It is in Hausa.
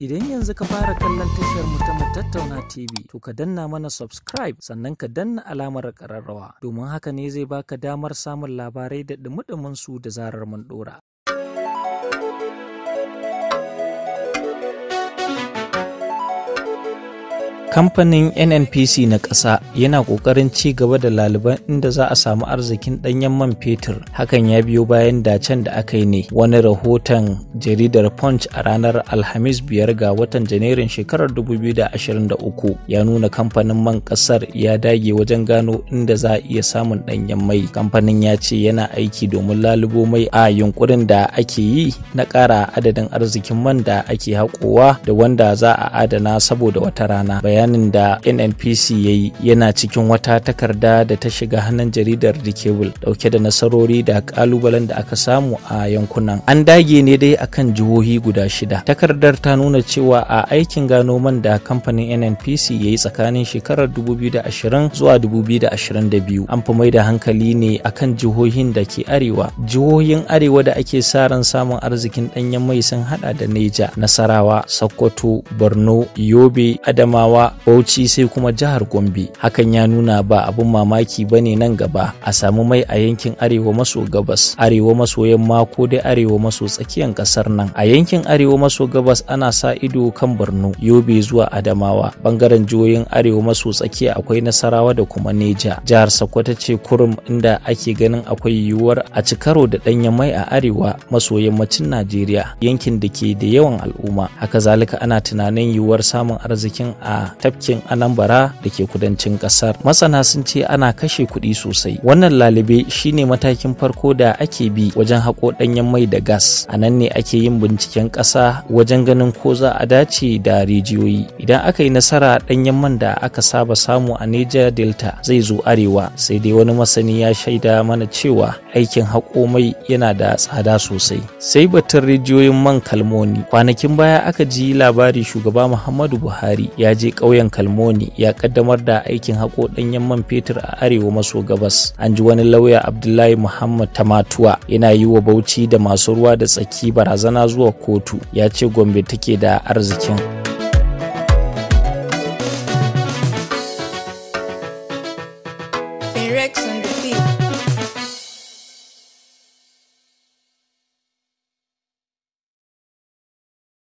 Idan yanzu ka fara kallon tashar mu ta tattauna TV, to ka danna mana subscribe sannan ka danna alamar ƙararrawa, domin haka ne zai baka damar samun labarai da dumudumin su da zarar mun ɗora. Kamfanin NNPC na ƙasa yana ƙoƙarin ci gaba da laliban inda za a samu arzikin ɗanyen man fetur. Hakan ya biyo bayan dacen da aka yi ne. Wani rahoton jaridar punch a ranar alhamis biyar ga watan janairun shekarar 2023 ya nuna kamfanin man kasar ya dage wajen gano inda za a iya samun danyen mai kamfanin ya ce yana aiki domin lalubo mai a yunkurin da ake yi na kara adadin arzikin man da ake haƙowa da wanda za a adana saboda wata rana bayanin da nnpc ya yi yana cikin wata takarda da ta shiga hannun jaridar the cable dauke da nasarori da ƙalubalen da aka samu a yankunan an dage ne dai a kan jihohi guda shida takardar ta nuna cewa a aikin gano man da kamfanin nnpc ya yi tsakanin shekarar 2020 zuwa 2022 an fi mai da hankali ne akan jihohin da ke arewa jihohin arewa da ake sa ran samun arzikin danyen mai sun hada da neja nasarawa sokoto borno yobe adamawa bauchi sai kuma jihar gombe hakan ya nuna ba abin mamaki ba ne nan gaba a samu mai a yankin arewa maso gabas arewa maso yamma ko dai arewa maso tsakiyar kasa. kasar nan a yankin arewa maso gabas ana sa ido kan borno yobe zuwa adamawa bangaren jihohin arewa maso tsakiya akwai nasarawa da kuma neja jihar sokoto ce kurum inda ake ganin akwai yiwuwar a ci karo da ɗanyen mai a arewa maso yammacin najeriya yankin da ke da yawan al'umma haka zalika ana tunanin yiwuwar samun arzikin a tafkin anambra da ke kudancin kasar. masana sun ce ana kashe kuɗi sosai wannan lalibe shine matakin farko da ake bi wajen haƙo ɗanyen mai da gas a nan ne ake Ake yin binciken ƙasa wajen ganin ko za a dace da rijiyoyi idan aka yi nasara ɗanyen man da aka saba samu a Niger Delta zai zo arewa sai dai wani masani ya shaida mana cewa aikin haƙo mai yana da tsada sosai sai batun rijiyoyin man kalmoni kwanakin baya aka ji labari shugaba Muhammadu Buhari ya je ƙauyen kalmoni ya ƙaddamar da aikin haƙo ɗanyen man fetur a arewa maso gabas an ji wani lauya Abdullahi Muhammad Tamatuwa yana yi wa Bauchi da masu ruwa da tsaki bara barazana zuwa kotu ya ce gombe take da arzikin